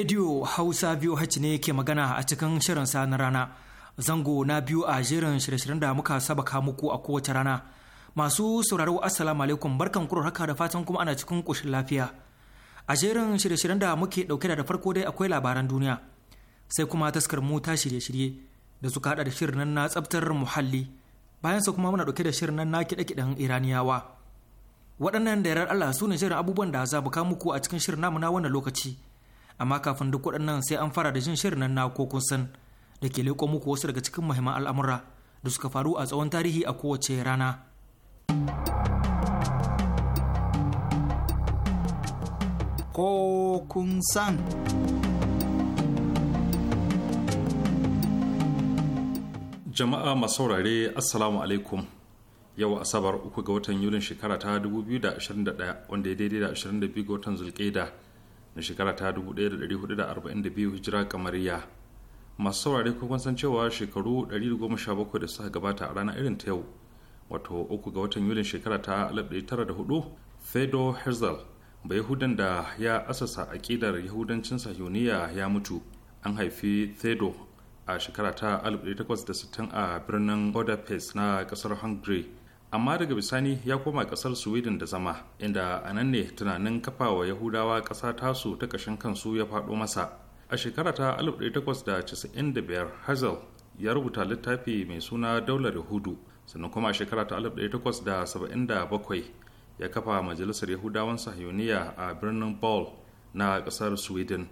Radio Hausa biyu VOH ne ke magana a cikin shirin sa na rana. Zango na biyu a jerin shirye-shiryen da muka sabaka muku a kowace rana. Masu sauraro Assalamu alaikum barkan ku haka da fatan kuma ana cikin ƙoshin lafiya. A jerin shirye-shiryen da muke ɗauke da farko dai akwai labaran duniya. Sai kuma taskar mu ta shirye-shirye da suka haɗa da shirin nan na tsaftar muhalli. Bayan sa kuma muna ɗauke da shirin nan na kiɗe-kiɗen Iraniyawa. Waɗannan da yarar Allah su ne shirin abubuwan da za mu kawo muku a cikin shirin namu na wannan lokaci. amma kafin duk waɗannan sai an fara da jin shirin nan na ko kun san da ke leƙo muku wasu daga cikin muhimman al'amura da suka faru a tsawon tarihi a kowace rana. Ko kun san. Jama'a masu saurare Assalamu alaikum. Yau Asabar uku ga watan Yulin shekara ta 2021 wanda ya daidai da 22 ga watan Zulkaida da shekara ta 1442 hijira kamariya masu saurare ko san cewa shekaru 117 da suka gabata a ranar irin ta yau wato uku ga watan yulin shekara ta 1904 fedor herzl ba-yahudan da ya asasa akidar yahudancin sahiyoniya ya mutu an haifi fedor a shekara ta 1860 a birnin budapest na kasar hungary amma daga bisani ya koma kasar sweden da zama inda a nan ne tunanin kafawa yahudawa ƙasa tasu ta ƙashin kansu ya faɗo masa a shekara ta 1895 hazel ya rubuta littafi mai suna daular yahudu sannan kuma a shekara ta 1877 ya kafa majalisar yahudawan sahiyoniya a birnin ball na ƙasar sweden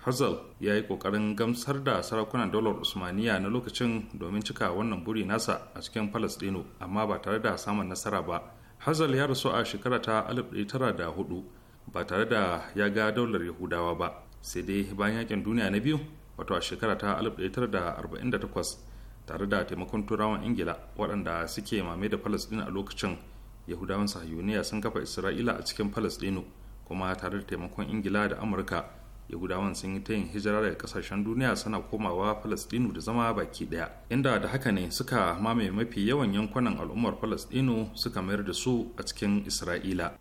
Hazel ya yi ƙoƙarin gamsar da sarakunan daular Usmaniya na lokacin domin cika wannan buri nasa a cikin Falasɗinu amma ba tare da samun nasara ba. Hazel ya rasu a shekara ta 1904 ba tare da ya ga daular Yahudawa ba sai dai bayan yakin duniya na biyu wato a shekara ta 1948 tare da taimakon turawan ingila waɗanda suke mame da falasɗin a lokacin yahudawan sahiyuniya sun kafa isra'ila a cikin falasɗinu kuma tare da taimakon ingila da amurka yahudawan sun yi ta yin hijira daga kasashen duniya suna komawa falastinu da zama baki daya inda da haka ne suka mamaye mafi yawan yankunan al'ummar falastinu suka mayar da su a cikin isra'ila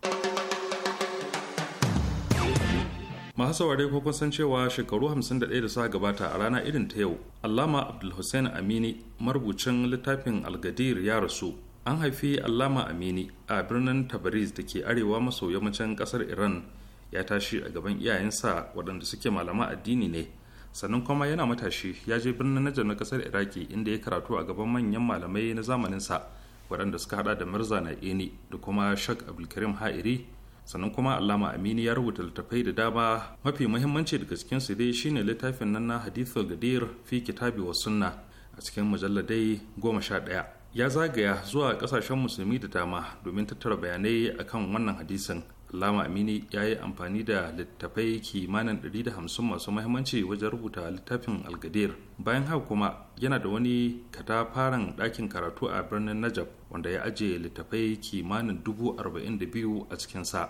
masu saurare ko kun san cewa shekaru 51 da suka gabata a rana irin ta yau allama hussein amini marubucin littafin algadir ya rasu an haifi allama amini a birnin tabariz da ke arewa maso yammacin kasar iran ya tashi a gaban iyayensa waɗanda suke malama addini ne sannan kuma yana matashi ya je birnin Najar na ƙasar Iraki inda ya karatu a gaban manyan malamai na zamaninsa waɗanda suka haɗa da Mirza na eni da kuma Shak Abdulkarim Ha'iri sannan kuma Allama Amini ya rubuta littattafai da dama mafi muhimmanci daga cikin su dai shine littafin nan na Hadithul Gadir fi Kitabi wa Sunna a cikin mujalladai goma sha ɗaya ya zagaya zuwa ƙasashen musulmi da dama domin tattara bayanai akan wannan hadisin Lama Amini ya yi amfani da littafai kimanin 150 masu mahimmanci wajen rubuta littafin Algadir. Bayan haka kuma yana da wani katafaren ɗakin karatu a birnin najab wanda ya ajiye littafai kimanin 42 a cikinsa.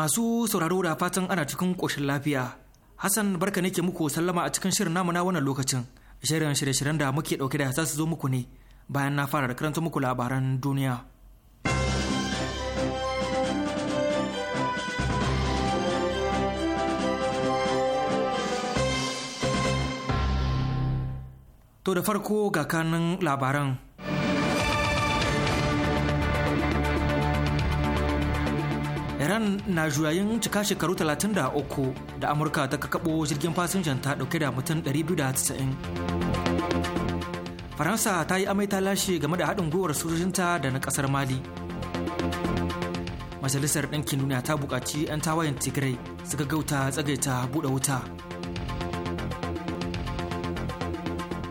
Masu sauraro da fatan ana cikin ƙoshin lafiya. Hassan barka ke muku sallama a cikin shirin namu na wannan lokacin. Shirin shirye-shiryen da muke ɗauke da za su zo muku ne bayan na fara da karanta muku labaran duniya. To da farko ga kanin labaran Iran na juyayin cika shekaru 33 da Amurka ta kakabo jirgin fasinjan ta dauke da mutum 290. Faransa ta yi amai ta lashe game da haɗin gwiwar sojojinta da na ƙasar Mali. Majalisar Ɗinkin Duniya ta buƙaci 'yan tawayen Tigray suka gauta tsagaita buɗe wuta.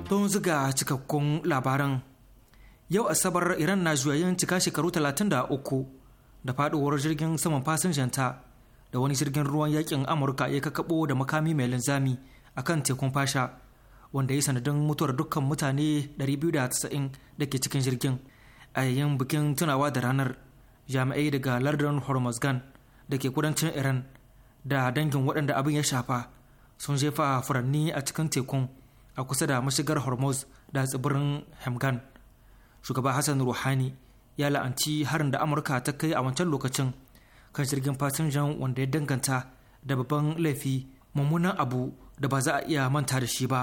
Don ziga cikakkun labaran. Yau Asabar Iran na juyayin cika shekaru 33 da faduwar jirgin saman fasinjanta da wani jirgin ruwan yakin amurka ya kakabo da makami mai linzami a kan tekun fasha wanda ya sanadin mutuwar dukkan mutane 290 da ke cikin jirgin a yayin bikin tunawa da ranar jami'ai daga lardin hormozgan da ke kudancin iran da dangin waɗanda abin ya shafa sun jefa furanni a cikin tekun a kusa da mashigar hormuz da tsibirin hamgan shugaba hassan ruhani ya la'anci harin da amurka ta kai a wancan lokacin kan jirgin fasinjan wanda ya danganta da babban laifi mummunan abu da ba za a iya manta da shi ba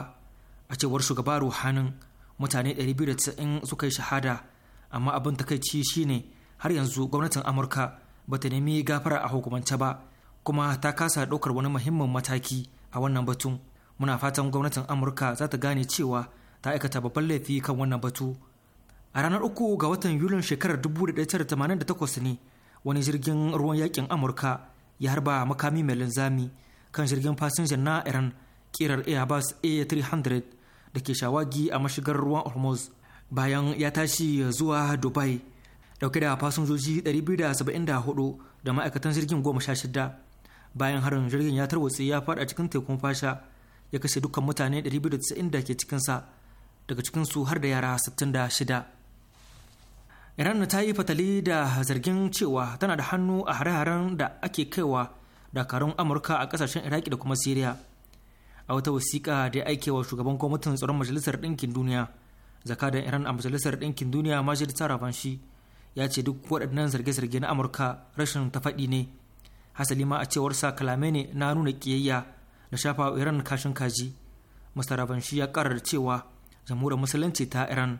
a cewar shugaba ruhanin mutane 290 suka yi shahada amma abin takaici shine har yanzu gwamnatin amurka ba ta nemi gafara a hukumance ba kuma ta kasa ɗaukar wani muhimmin mataki a wannan batun muna fatan gwamnatin amurka za ta gane cewa ta aikata babban laifi kan wannan batu a ranar uku ga watan yulin shekarar 1988 ne wani jirgin ruwan yakin amurka ya harba makami mai linzami kan jirgin fasinja na iran kirar airbus a300 da ke shawagi a mashigar ruwan hormuz bayan ya tashi zuwa dubai dauke da fasinjoji 274 da ma'aikatan jirgin 16 bayan harin jirgin ya tarwatse ya fada cikin tekun fasha ya kashe dukkan mutane 290 da ke cikinsa daga cikinsu har da yara 66 iran ta yi fatali da zargin cewa tana da hannu a hare-haren da ake kaiwa dakarun amurka a kasashen iraki da kuma syria a wata wasiƙa da ya aike wa shugaban kwamitin tsaron majalisar ɗinkin duniya da iran a majalisar ɗinkin duniya majid tarabanshi ya ce duk waɗannan zarge-zarge na amurka rashin ta faɗi ne hasali ma a cewar sa kalame ne na nuna ƙiyayya da shafa iran kashin kaji mr ya ƙara da cewa jamhuriyar musulunci ta iran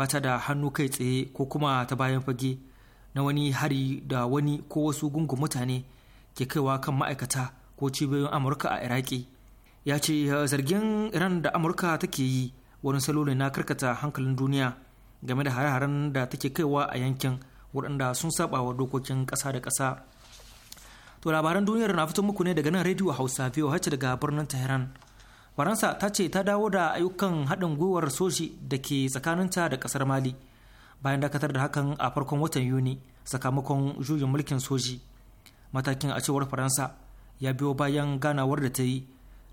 ba ta da hannu kai tsaye ko kuma ta bayan fage na wani hari da wani ko wasu gungun mutane ke kaiwa kan ma'aikata ko cibiyoyin amurka a iraki ya ce zargin iran da amurka take yi wani salo ne na karkata hankalin duniya game da hare-haren da take kaiwa a yankin waɗanda sun saba wa dokokin ƙasa da ƙasa to labaran duniyar na fito muku ne daga nan rediyo hausa biyu hacce daga birnin tehran faransa ta ce ta dawo da ayyukan haɗin gwiwar soji da ke tsakaninta da ƙasar mali bayan dakatar da hakan a farkon watan yuni sakamakon juyin mulkin soji matakin a cewar faransa ya biyo bayan ganawar da ta yi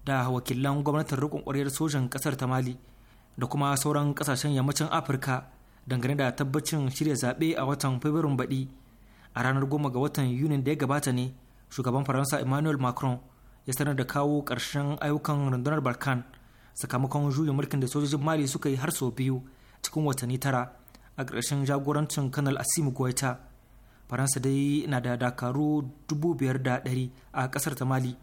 da wakilan gwamnatin rikon ƙwarriyar sojan ƙasar ta mali da kuma sauran ƙasashen yammacin afirka dangane da tabbacin shirya zaɓe a watan fabrairun baɗi a ranar goma ga watan yuni da ya gabata ne shugaban faransa emmanuel macron ya sanar da kawo ƙarshen ayyukan rundunar balkan sakamakon juyin mulkin da sojojin mali suka yi har sau biyu cikin watanni tara a ƙarshen jagorancin kanal asimu goita faransa dai na da dakaru dubu biyar da ɗari a ƙasar ta mali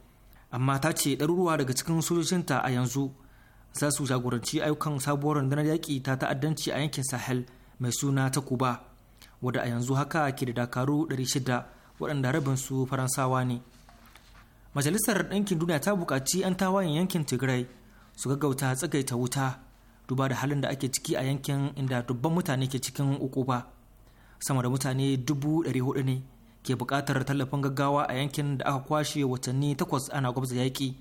amma ta ce ɗaruruwa daga cikin sojojinta a yanzu za su jagoranci ayyukan sabuwar rundunar yaƙi ta ta'addanci a yankin sahel mai suna ta kuba wadda a yanzu haka ke da dakaru 600 waɗanda rabin su faransawa ne majalisar ɗinkin duniya ta buƙaci 'yan tawayen yankin tigray su gaggauta tsagaita wuta duba da halin da ake ciki a yankin inda dubban mutane ke cikin ukuba sama da mutane dubu hudu ne ke buƙatar tallafin gaggawa a yankin da aka kwashe watanni takwas ana gwabza yaƙi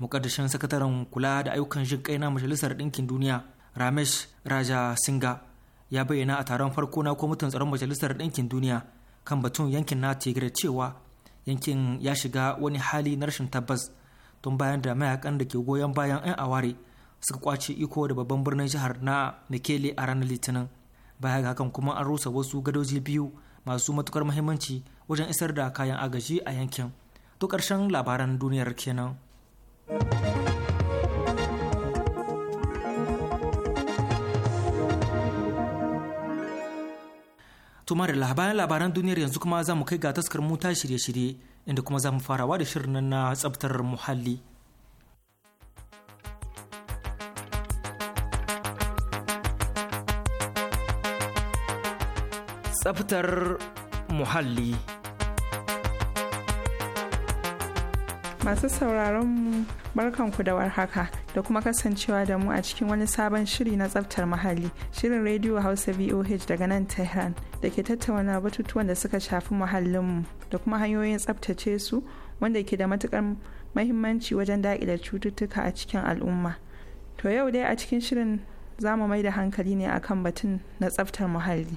mukaddashin sakataren kula da ayyukan jin kai na majalisar ɗinkin duniya ramesh raja singa ya bayyana a taron farko na kwamitin tsaron majalisar ɗinkin duniya kan batun yankin na tigray cewa yankin ya shiga wani hali na rashin tabbas tun bayan da mayakan da ke goyon bayan 'yan aware suka kwace iko da babban birnin jihar na mekele a ranar litinin baya ga hakan kuma an rusa wasu gadoji biyu masu matukar mahimmanci wajen isar da kayan agaji a yankin to karshen labaran duniyar kenan. Tumar da labaran labaran duniyar yanzu kuma za mu kai ga taskar mu shirye-shirye inda kuma za mu farawa da shirin na tsabtar muhalli. Tsabtar muhalli. Masu sauraron mu barkanku da warhaka da kuma kasancewa da mu a cikin wani sabon shiri na tsaftar muhalli shirin rediyo Hausa VOH daga nan Tehran da ke tattauna batutuwan da suka shafi muhallinmu da kuma hanyoyin tsaftace su wanda ke da matukar mahimmanci wajen daƙile cututtuka a cikin al'umma. To yau dai a cikin shirin za mu mai da hankali ne akan batun na tsaftar muhalli.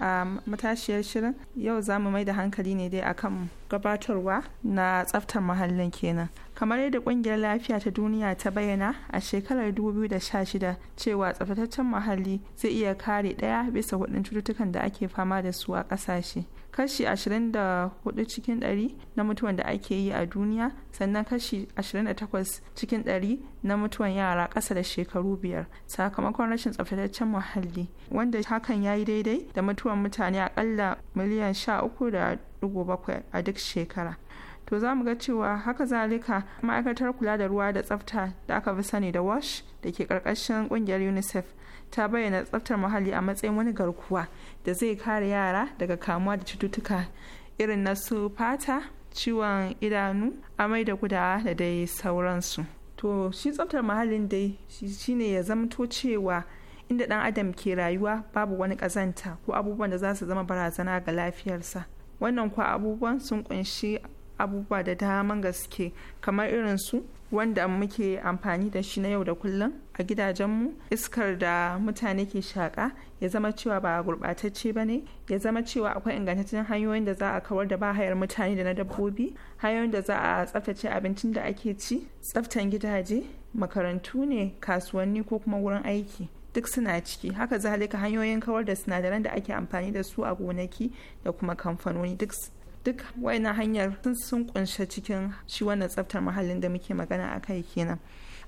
a matashiyar shirin yau za mu mai da hankali ne dai akan gabatarwa na tsaftar muhallin kenan kamar yadda kungiyar lafiya ta duniya ta bayyana a shekarar 2016 cewa tsaftataccen muhalli zai iya kare daya bisa hudun cututtukan da ake fama da su a kasashe kashi 24 cikin 100 na mutuwan da ake yi a duniya sannan kashi 28 cikin 100 na mutuwan yara ƙasa da shekaru biyar sakamakon rashin tsaftataccen muhalli wanda hakan ya yi daidai da mutuwan mutane akalla miliyan 13.7 a duk shekara to za mu ga cewa haka zalika ma'aikatar kula da ruwa da tsafta da aka fi sani da wash da ke karkashin kungiyar unicef ta bayyana tsaftar muhalli a matsayin wani garkuwa da zai kare yara daga kamuwa da cututtuka irin na su fata ciwon idanu amai da gudawa da dai sauransu to shi tsaftar muhallin dai shi ne ya zamto cewa inda dan adam ke rayuwa babu wani kazanta ko abubuwan da za su zama barazana ga lafiyarsa wannan kuwa abubuwan sun kunshi abubuwa da daman gaske kamar irin su wanda muke amfani da shi na yau da kullum a gidajenmu iskar da mutane ke shaƙa ya zama cewa ba a gurɓatacce ba ne ya zama cewa akwai ingantaccen hanyoyin da za a kawar da bahayar mutane da na dabbobi hanyoyin da za a tsaftace abincin da ake ci tsaftan gidaje makarantu ne kasuwanni ko kuma wurin aiki duk suna ciki haka zalika hanyoyin kawar da sinadaran da ake amfani da su a gonaki da kuma kamfanoni duk duk wayannan hanyar sun kunshe cikin shi wannan tsaftar muhallin da muke magana a kai kenan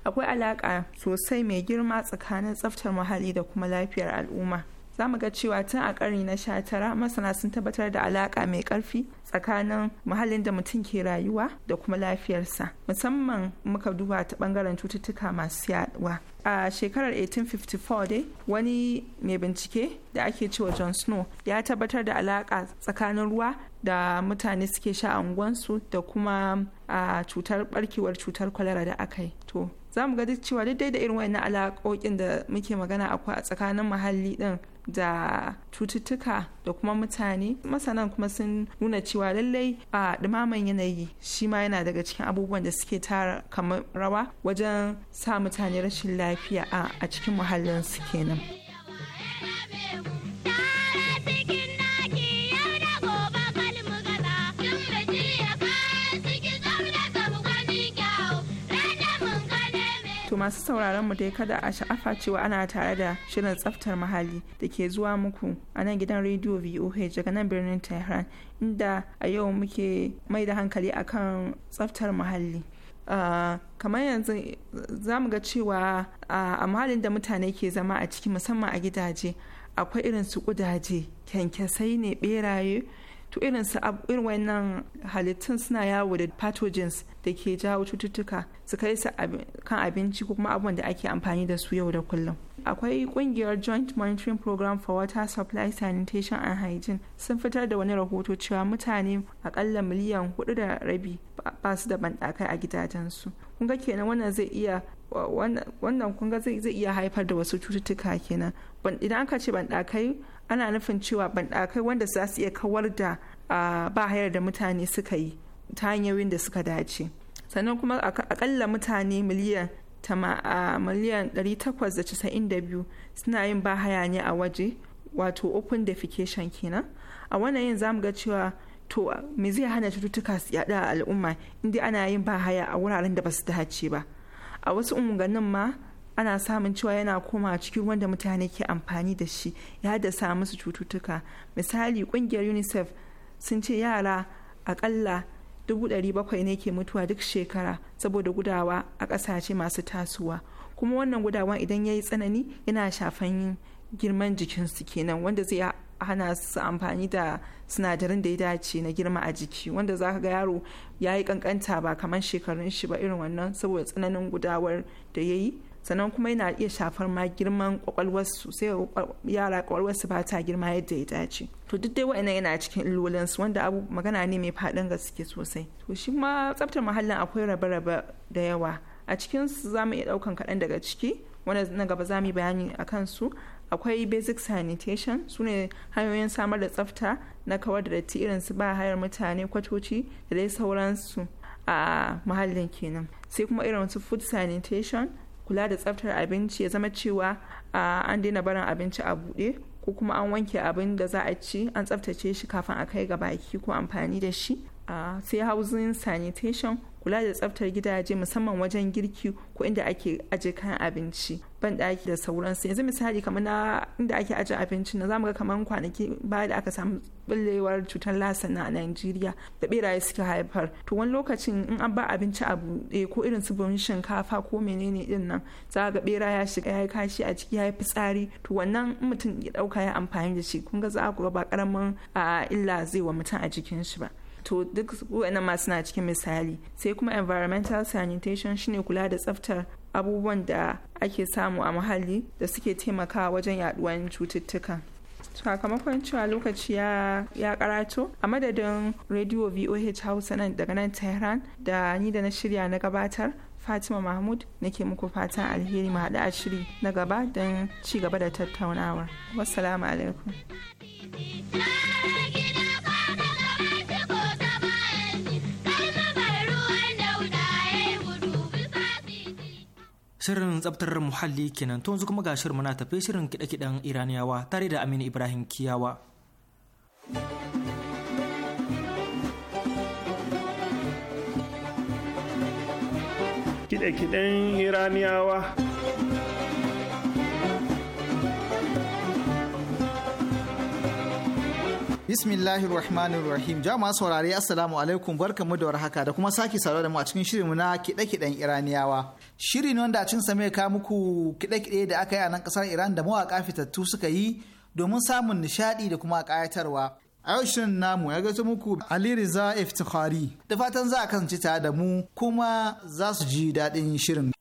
akwai alaƙa sosai mai girma tsakanin tsaftar muhalli da kuma lafiyar al'umma za mu ga cewa tun a ƙari na sha tara masana sun tabbatar da alaƙa mai ƙarfi tsakanin muhallin da mutum ke rayuwa da kuma lafiyarsa musamman muka duba ta ɓangaren cututtuka masu yaduwa a shekarar 1854 dai wani mai bincike da ake cewa john snow ya tabbatar da alaƙa tsakanin ruwa da mutane suke sha unguwarsu da kuma a cutar barkewar cutar kwalara da aka yi to za mu ga duk cewa duk da irin wannan alaƙoƙin da muke magana akwai a tsakanin muhalli din da cututtuka da kuma mutane masanan kuma sun nuna cewa lallai a ɗumaman yanayi shi ma yana daga cikin abubuwan da suke tara kamar rawa wajen sa mutane rashin lafiya a cikin muhallin su kenan. To masu sauraron mu dai kada a sha'afa cewa ana tare da shirin tsaftar muhalli da ke zuwa muku a nan gidan rediyo VOH daga nan birnin Tehran inda a yau muke mai da hankali akan tsaftar muhalli. kamar yanzu za mu ga cewa a muhallin da mutane ke zama a ciki musamman a gidaje akwai irin su kudaje kyankyasai ne beraye to irin su irin wayannan halittun suna yawo da pathogens da ke jawo cututtuka su kai su kan abinci ko kuma abubuwan da ake amfani da su yau da kullum akwai kungiyar joint monitoring program for water supply sanitation and hygiene sun fitar da wani rahoto cewa mutane akalla miliyan hudu da rabi ba su da bandakai a gidajensu kun ga kenan wannan zai iya wannan kunga zai iya haifar da wasu cututtuka kenan idan aka ce banɗakai ana nufin cewa banɗakai wanda za su iya kawar da ba hayar da mutane suka yi ta hanyoyin da suka dace sannan kuma akalla mutane miliyan miliyan 892 suna yin ba haya ne a waje wato open defecation kenan a wannan yin za mu ga cewa to me zai hana cututtuka su yada a al'umma inda ana yin ba haya a wuraren da ba su dace ba a wasu unganin ma ana samun cewa yana koma cikin wanda mutane ke amfani da shi ya haddasa musu cututtuka misali kungiyar unicef sun ce yara akalla 700,000 ne ke mutuwa duk shekara saboda gudawa a ƙasashe masu tasowa kuma wannan gudawa idan ya yi tsanani yana shafan girman jikinsu kenan wanda zai hana su amfani da sinadarin da ya dace na girma a jiki wanda zaka ga yaro ya yi kankanta ba kamar shekarun shi ba irin wannan saboda tsananin gudawar da ya yi sannan kuma yana iya shafar ma girman kwakwalwarsu sai yara kwakwalwarsu ba ta girma yadda ya dace to duk dai wa'annan yana cikin illolinsu wanda abu magana ne mai faɗin gaske sosai to shi ma tsaftar muhallin akwai rabe-rabe da yawa a cikinsu za mu iya ɗaukan kaɗan daga ciki wanda na gaba za mu yi bayani a kansu akwai basic sanitation su ne hanyoyin samar da tsafta na kawar da datti irin su ba hayar mutane kwatoci da dai sauransu a muhallin kenan sai kuma irin su food sanitation kula da tsaftar abinci ya zama cewa an daina barin abinci a buɗe ko kuma an wanke abin da za a ci an tsaftace shi kafin a kai ga baki ko amfani da shi sai housing sanitation kula da tsaftar gidaje musamman wajen girki ko inda ake aje kayan abinci ban daki da sauransu yanzu misali kamar na inda ake ajiye abincin na zamu ga kamar kwanaki baya da aka samu billewar cutar lasa na Najeriya da beraye suke haifar to wani lokacin in an ba abinci abu buɗe ko irin su bon shinkafa ko menene din nan za ga bera ya shiga ya kashi a ciki ya fitsari to wannan mutum ya dauka ya amfani da shi kun ga za ku ga ba karamin illa zai wa mutum a jikin shi ba to duk waɗannan masu na cikin misali sai kuma environmental sanitation shine kula da tsaftar abubuwan da ake samu a muhalli da suke taimakawa wajen yaduwan cututtuka sakamakon cewa lokaci ya karato a madadin radio voh hausa nan daga nan tehran da ni da na shirya na gabatar fatima mahmud nake muku fatan alheri mu haɗu a shiri na gaba don ci gaba da tattaunawar wassalamu alaikum Shirin tsabtar muhalli kenan to yanzu kuma ga shirin muna tafe shirin kida-kidan Iraniyawa tare da Aminu Ibrahim Kiyawa. kida-kidan Iraniyawa. Bismillahir Rahmanir Rahim. Jama'a saurari Assalamu alaikum barkamu da warhaka da kuma sake saurare da mu a cikin shirinmu na kiɗe-kiɗen Iraniyawa. Shiri ne wanda a cikin sa ka muku kiɗe-kiɗe da aka yi a nan kasar Iran da mawaka fitattu suka yi domin samun nishadi da kuma kayatarwa A yau shirin namu ya gaito muku Ali Riza Iftikhari. Da fatan za a kasance tare da mu kuma za su ji daɗin shirin.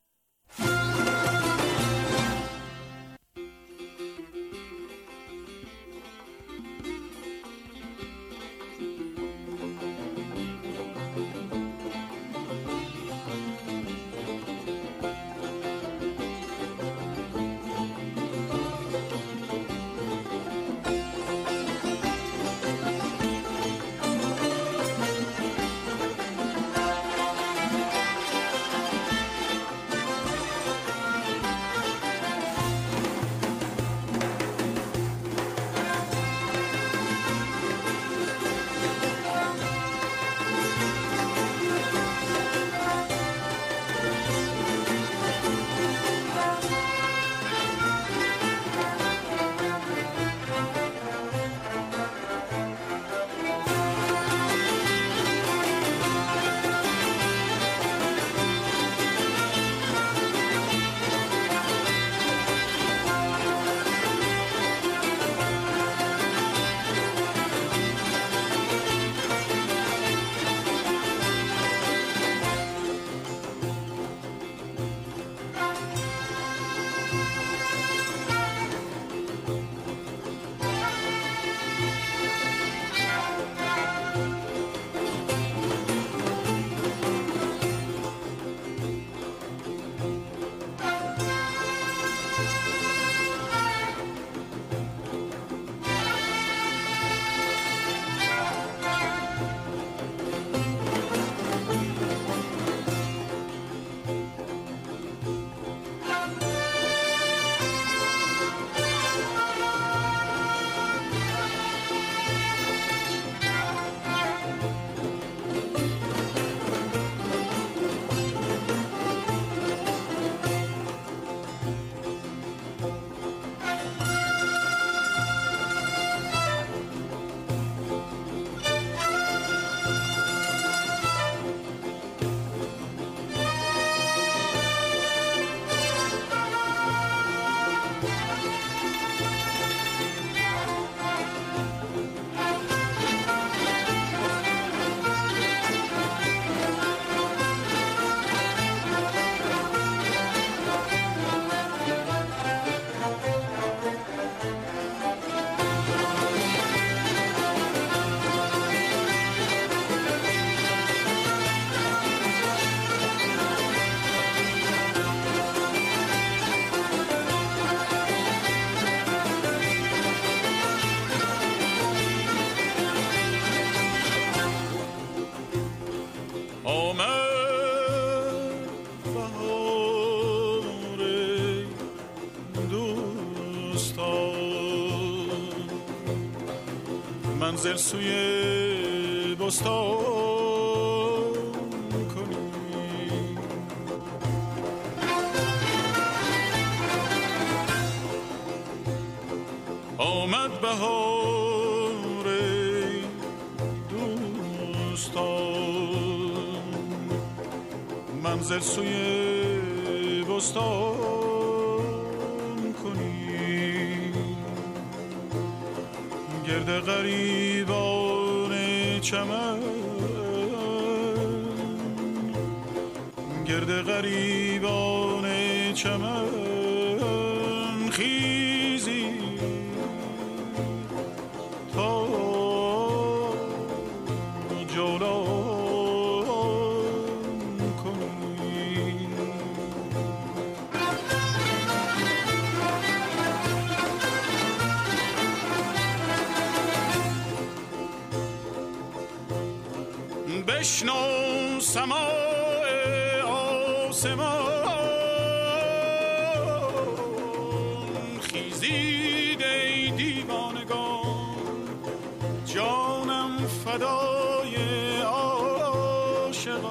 منزل سوی بستان کنی آمد بهار دوستان منزل سوی بستان گرد غریبان چمن گرد غریبان چمن بشنو سماع آسمان خیزید ای دیوانگان جانم فدای آشقان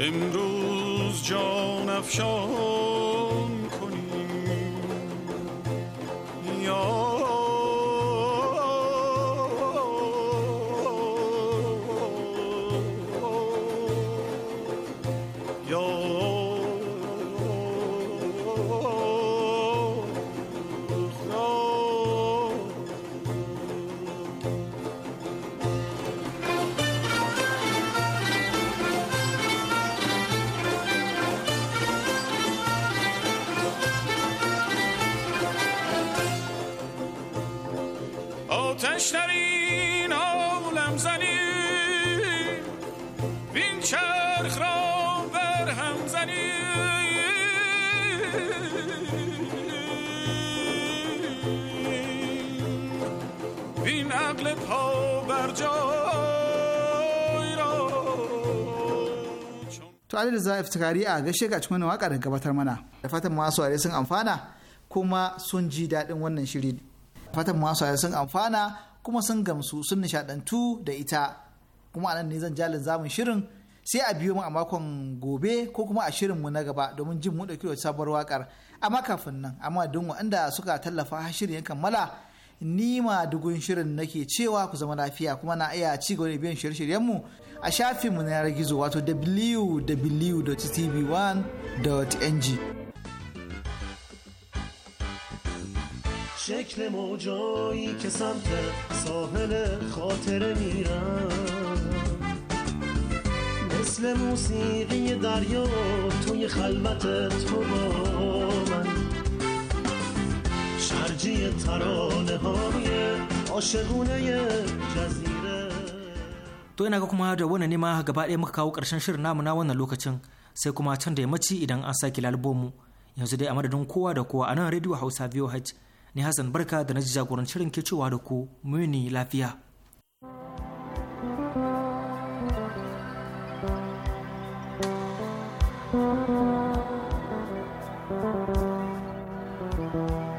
امروز جان افشان Ali da Zaif Iftikari a gaishe ga cikin waka da gabatar mana. Da fatan masu aure sun amfana kuma sun ji daɗin wannan shiri. Fatan masu aure sun amfana kuma sun gamsu sun nishaɗantu da ita. Kuma anan ne zan jalin zamun shirin sai a biyo mu a makon gobe ko kuma a shirin mu na gaba domin jin mu ɗauki da sabuwar wakar. Amma kafin nan, amma don waɗanda suka tallafa shirin ya kammala ni ma dugun shirin nake cewa ku zama lafiya kuma na iya ci gaba da biyan shirye-shiryenmu a shafinmu na yanar gizo wato www.tv1.ng شکل موجایی که سمت ساحل خاطره میرم مثل موسیقی دریا توی خلوت تو با ترجیح ترانه های عاشقونه جزیره to ina ga kuma da wannan ma gaba ɗaya muka kawo ƙarshen shirin namu na wannan lokacin sai kuma can da yammaci idan an sake lalbomu yanzu dai a madadin kowa da kowa a nan rediyo hausa voh ni hassan barka da na ji jagorancin ke cewa da ku muni lafiya thank you